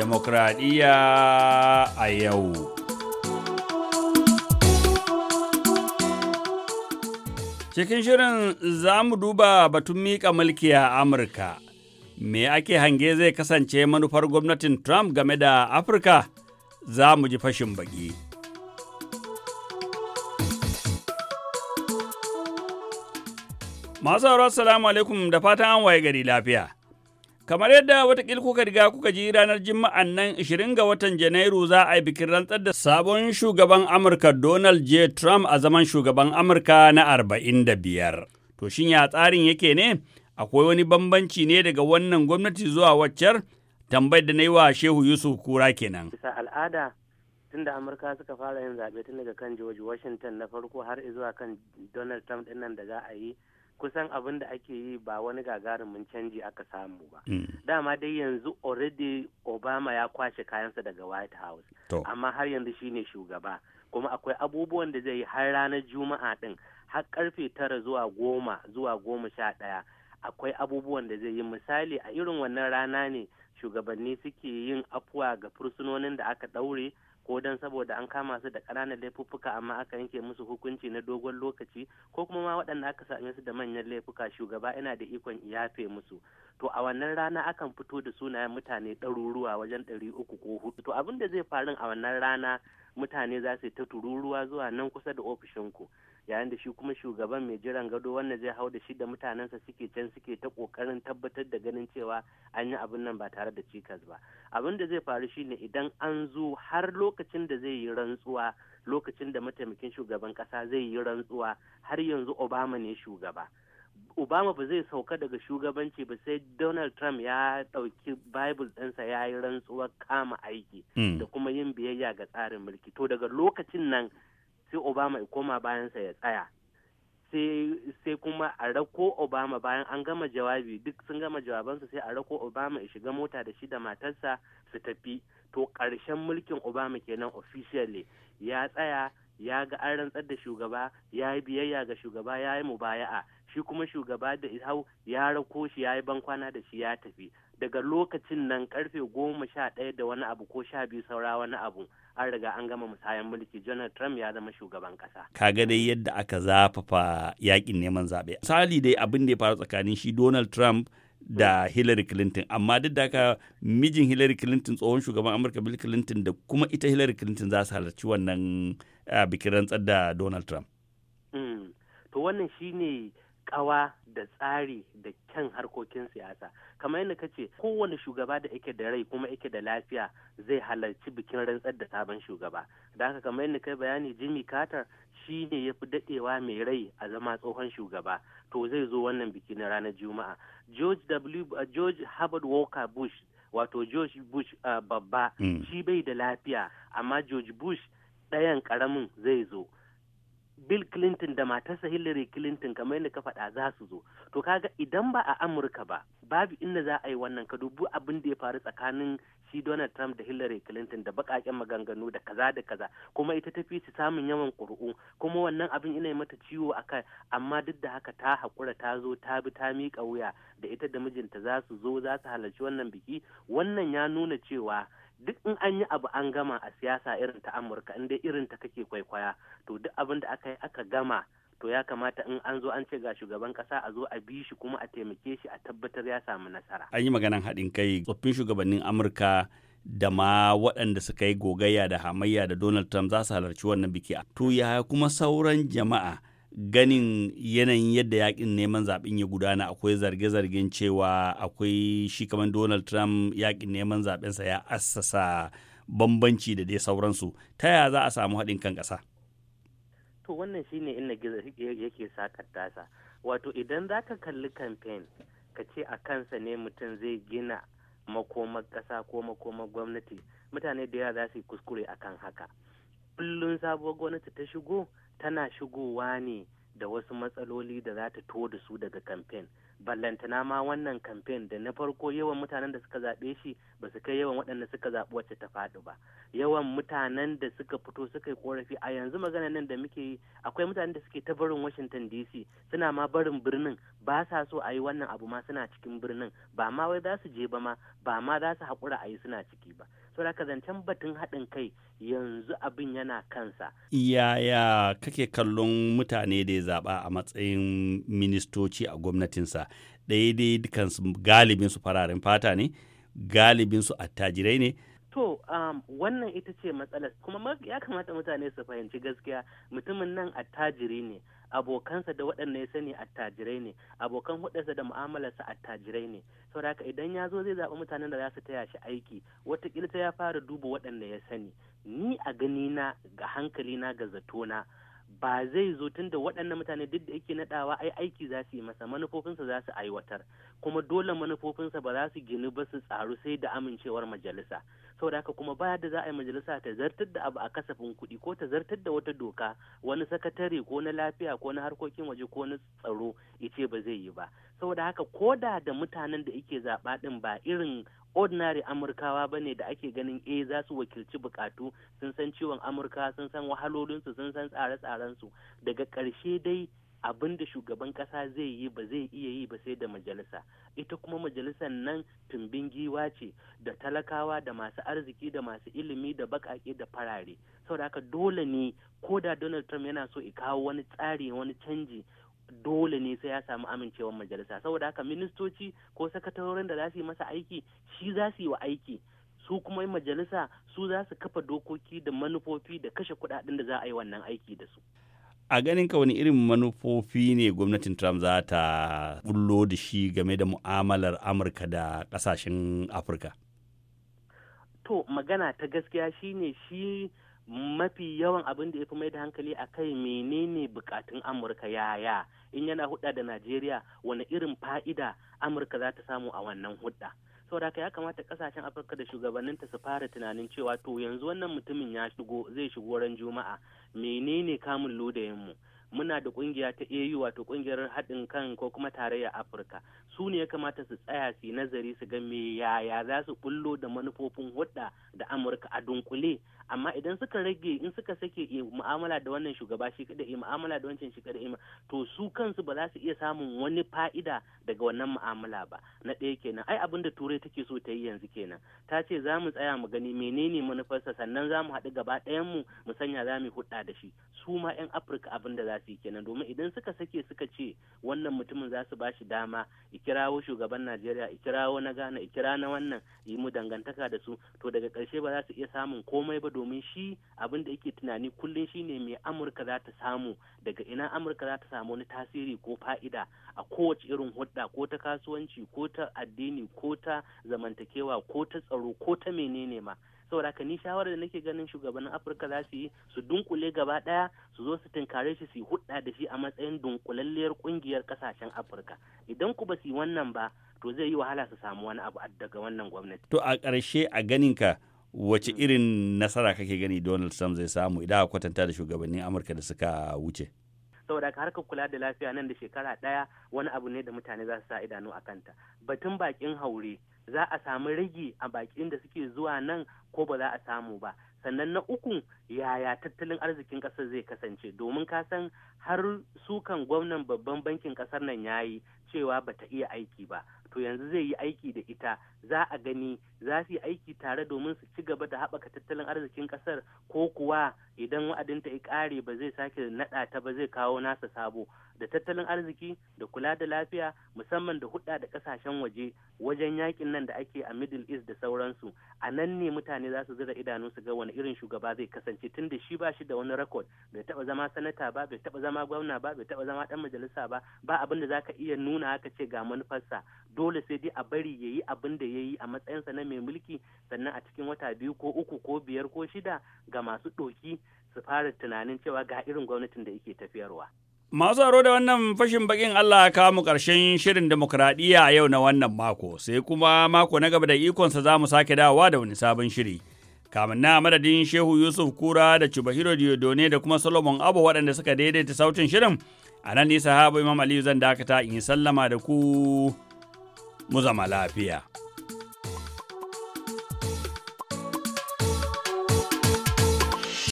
demokradiyya a yau. Cikin shirin za mu duba batun miƙa mulki a Amurka. Me ake hange zai kasance manufar gwamnatin Trump game da Afirka? Za mu ji fashin baki. Masu salamu alaikum da fatan an waye gari lafiya. Kamar yadda watakila kuka riga kuka ji ranar Juma'an nan 20 ga watan Janairu za a yi bikin rantsar da sabon shugaban Amurka Donald J. Trump a zaman shugaban Amurka na 45. To shin ya tsarin yake ne? Akwai wani bambanci ne daga wannan gwamnati zuwa waccar? Tambayar da na yi wa Shehu Yusuf Kura kenan. Bisa al'ada tun da Amurka suka fara yin zaɓe tun daga kan George Washington na farko har zuwa kan Donald Trump ɗin nan da za a yi kusan abin da ake yi ba wani gagarumin canji aka samu ba mm. dama dai yanzu already obama ya kwashe kayansa daga white house amma har yanzu shine shugaba kuma akwai abubuwan da zai yi har ranar juma'a din har karfe tara zuwa goma zuwa goma sha ɗaya akwai abubuwan da zai yi misali a irin wannan rana ne shugabanni suke yin afuwa ga fursunonin da aka ɗaure ko dan saboda an kama su da ƙananan laifuffuka amma aka yanke musu hukunci na dogon lokaci ko kuma ma waɗanda aka same su da manyan laifuka shugaba yana da ikon iyafe musu to a wannan rana akan fito da sunayen mutane ɗaruruwa wajen ɗari uku ko hudu to abin da zai faru a wannan rana mutane za su ta tururuwa zuwa nan kusa da ofishinku yayin da shi kuma shugaban mai jiran gado wanda zai hau da shi da mutanensa suke can suke ta kokarin tabbatar da ganin cewa an yi abin nan ba tare da cikas ba abin da zai faru shine idan an zo har lokacin da zai yi rantsuwa lokacin da mataimakin shugaban kasa zai yi rantsuwa har yanzu obama ne shugaba Obama ba zai sauka daga shugabanci ba sai Donald Trump ya ɗauki Bible ɗinsa ya yi rantsuwar kama aiki hmm. da kuma yin biyayya ga tsarin mulki. To daga lokacin nan sai obama ya koma bayansa ya tsaya sai kuma a rako obama bayan an gama jawabi duk sun gama jawabansa sai a rako obama ya shiga mota da shi da matarsa su tafi to karshen mulkin obama kenan officially ya tsaya ya ga an rantsar da shugaba ya yi biyayya ga shugaba ya yi mubaya'a shi kuma shugaba da hau ya rako shi ya yi bankwana da shi ya tafi daga lokacin nan karfe goma sha ɗaya da wani abu ko sha biyu saura wani abu an riga an gama musayan mulki Donald Trump ya zama shugaban kasa. Kaga dai yadda aka zafafa yakin neman zaɓe. sali dai abin da ya faru tsakanin shi Donald Trump da Hillary Clinton amma duk da haka mijin Hillary Clinton tsohon shugaban Amurka Bill Clinton da kuma ita Hillary Clinton za su halarci wannan eh, bikin rantsar da Donald Trump. Mm. To wannan shine ƙawa da tsari da kyan harkokin siyasa kamar yadda ka ce kowane shugaba da yake da rai kuma yake da lafiya zai halarci bikin rantsar da sabon shugaba da haka kamar yadda kai bayani jimmy carter shi ne ya fi daɗewa mai rai a zama tsohon shugaba to zai zo wannan biki na ranar juma'a george w uh, george herbert walker bush wato george bush uh, babba mm. shi bai da lafiya amma george bush ɗayan ƙaramin zai zo bill clinton da matarsa hillary clinton kamar yadda ka faɗa za su zo to kaga idan ba a amurka ba babu inda za a yi wannan ka dubu abin da ya faru tsakanin shi donald trump da hillary clinton da baƙaƙen maganganu da kaza da kaza kuma ita ta fi su samun yawan ƙuri'u kuma wannan abin ina mata ciwo a kai amma duk da haka ta haƙura ta zo ta bi ta miƙa wuya da ita da mijinta za su zo za su halarci wannan biki wannan ya nuna cewa duk in an yi abu an gama a siyasa irin ta amurka inda irin ta kake kwaikwaya to duk abin da aka yi aka gama to ya kamata in an zo an ce ga shugaban kasa a zo a bi shi kuma a taimake shi a tabbatar ya samu nasara an yi maganan haɗin kai tsoffin shugabannin amurka da ma waɗanda suka yi gogayya da hamayya da donald trump za su halarci wannan biki to ya kuma sauran jama'a ganin yanayin yadda yakin neman zaɓen ya gudana akwai zarge-zargen cewa akwai shi kamar donald trump yakin neman zaɓensa ya assasa bambanci da dai sauransu ta yaya za a samu haɗin kan ƙasa to wannan shine inda yake sakar tasa wato idan za ka kalli kamfen ka ce a kansa ne mutum zai gina makomar ƙasa ko makomar gwamnati mutane da yawa za su yi kuskure akan haka kullum sabuwar gwamnati ta shigo tana shigowa ne da wasu matsaloli da za ta to da su daga kamfen ballantana ma wannan kamfen da na farko yawan mutanen da suka zaɓe shi ba su kai yawan waɗanda suka zaɓi wacce ta faɗi ba yawan mutanen da suka fito suka yi korafi a yanzu magana nan da muke yi akwai mutanen da suke ta barin washington dc suna ma barin birnin ba sa so a yi wannan abu ma suna cikin birnin ba ma wai za su je ba ma ba ma za su haƙura a yi suna ciki ba so da zancen batun haɗin kai yanzu abin yana kansa yaya kake kallon mutane da ya zaɓa a matsayin ministoci a gwamnatinsa daidai dukansu galibin su fararen fata ne galibinsu attajirai ne To, um, wannan ita ce matsalar kuma ya kamata mutane su fahimci gaskiya mutumin nan attajiri ne, abokansa da waɗanda ya sani attajirai ne, abokan hudarsa da mu'amalarsa attajirai ne. Saboda idan ya zo zai zaɓi mutanen da za su taya shi aiki, watakila ta ya fara duba waɗanda ya sani. Ni a ganina ga hankalina ga zatona. ba zai zo tun da waɗannan mutane duk da yake naɗawa ai aiki za su yi masa manufofinsa za su aiwatar kuma dole manufofinsa ba za su gini ba su tsaru sai da amincewar majalisa saboda haka kuma baya da za a yi majalisa ta zartar da abu a kasafin kuɗi ko ta zartar da wata doka wani sakatare ko na lafiya ko na harkokin waje ko na tsaro ya ce ba zai yi ba saboda haka ko da da mutanen da yake zaɓa ɗin ba irin ordinary amurkawa ba ne da ake ganin eh za su wakilci bukatu sun san ciwon amurka sun san wahalolinsu sun san tsare-tsarensu daga ƙarshe dai abin da shugaban kasa zai yi ba zai iya yi ba sai da majalisa ita kuma majalisar nan tumbin giwa ce da talakawa da masu arziki da masu ilimi da bakake da farare saboda haka dole ne ko da donald trump yana so i kawo wani tsari wani canji dole ne sai ya samu amincewar majalisa saboda haka ministoci ko sakatarorin da za su yi masa aiki shi za su yi wa aiki su kuma majalisa su za su kafa dokoki da manufofi da kashe kudaden da za a yi wannan aiki da su a ganin ka wani irin manufofi ne gwamnatin trump za ta bullo da shi game da mu'amalar amurka da kasashen afirka to magana ta gaskiya shine shi mafi yawan abin da ya fi mai da hankali a kai menene bukatun amurka yaya in yana hudda da najeriya wani irin fa'ida amurka za ta samu a wannan hudda saboda haka ya kamata kasashen afirka da shugabanninta su fara tunanin cewa to yanzu wannan mutumin ya shigo zai shigo ran juma'a menene kamun mu muna da kungiya ta au wato kungiyar haɗin kan ko kuma tarayya afirka su ne ya kamata su tsaya su nazari su ga me yaya za su bullo da manufofin hudda da amurka a dunkule amma idan suka rage in suka sake iya eh, mu'amala da wannan shugaba shi kada iya eh, mu'amala da wancan shi kada iya eh, to su kansu ba za su iya samun wani fa'ida daga wannan mu'amala ba na ɗaya kenan ai abin da turai take so ta yi yanzu kenan ta ce za mu tsaya mu gani menene manufarsa sannan za mu haɗu gaba ɗayan mu mu sanya za mu hudda da shi su ma 'yan afirka abin da za su yi kenan domin idan suka sake suka ce wannan mutumin za su ba shi dama kirawo shugaban najeriya kirawo na ghana kira na wannan yi mu dangantaka da su to daga ƙarshe ba za su iya samun komai ba domin shi abin da yake tunani kullum shine mai amurka za ta samu daga ina amurka za ta samu wani tasiri ko fa'ida a kowace irin hudda ko ta kasuwanci ko ta addini ko ta zamantakewa ko ta tsaro ko ta menene ma saboda haka ni shawarar da nake ganin shugabannin afirka za su yi su dunkule gaba daya su zo su tunkare shi su yi hudda da shi a matsayin dunkulalliyar kungiyar kasashen afirka idan ku ba su yi wannan ba to zai yi wahala su samu wani abu daga wannan gwamnati to a ƙarshe a ganinka wace irin nasara kake gani donald trump zai samu idan a kwatanta da shugabannin amurka da suka wuce saboda haka harkar kula da lafiya nan da shekara ɗaya wani abu ne da mutane za su sa idanu a kanta batun bakin haure za a samu rage a bakin da suke zuwa nan ko ba za a samu ba sannan na uku yaya tattalin arzikin ƙasar zai kasance domin ka san har sukan gwamnan babban bankin ƙasar nan yayi cewa bata iya aiki ba to yanzu zai yi aiki da ita za a gani za su yi aiki tare domin su ci gaba da haɓaka tattalin arzikin ƙasar ko kuwa idan wa'adinta ya ƙare ba zai sake naɗa ta ba zai kawo nasa sabo da tattalin arziki da kula da lafiya musamman da hudda da kasashen waje wajen yakin nan da ake a middle east da sauransu a nan ne mutane za su zira idanu su ga wani irin shugaba zai kasance tun da shi ba shi da wani rekod bai taɓa zama sanata ba bai taɓa zama gwamna ba bai taɓa zama ɗan majalisa ba ba abin da za ka iya nuna nuna aka ce ga manufarsa dole sai dai a bari ya yi abin da ya yi a matsayinsa na mai mulki sannan a cikin wata biyu ko uku ko biyar ko shida ga masu ɗoki su fara tunanin cewa ga irin gwamnatin da yake tafiyarwa. Masu aro da wannan fashin bakin Allah ka mu karshen shirin demokradiyya yau na wannan mako, sai kuma mako na gaba da ikonsa za mu sake dawowa da wani sabon shiri. Kamin na madadin Shehu Yusuf Kura da Chubahiro Diodone da kuma Solomon Abu waɗanda suka daidaita sautin shirin, a nan ne sahabu imam aliyu zan dakata in yi sallama da ku mu zama lafiya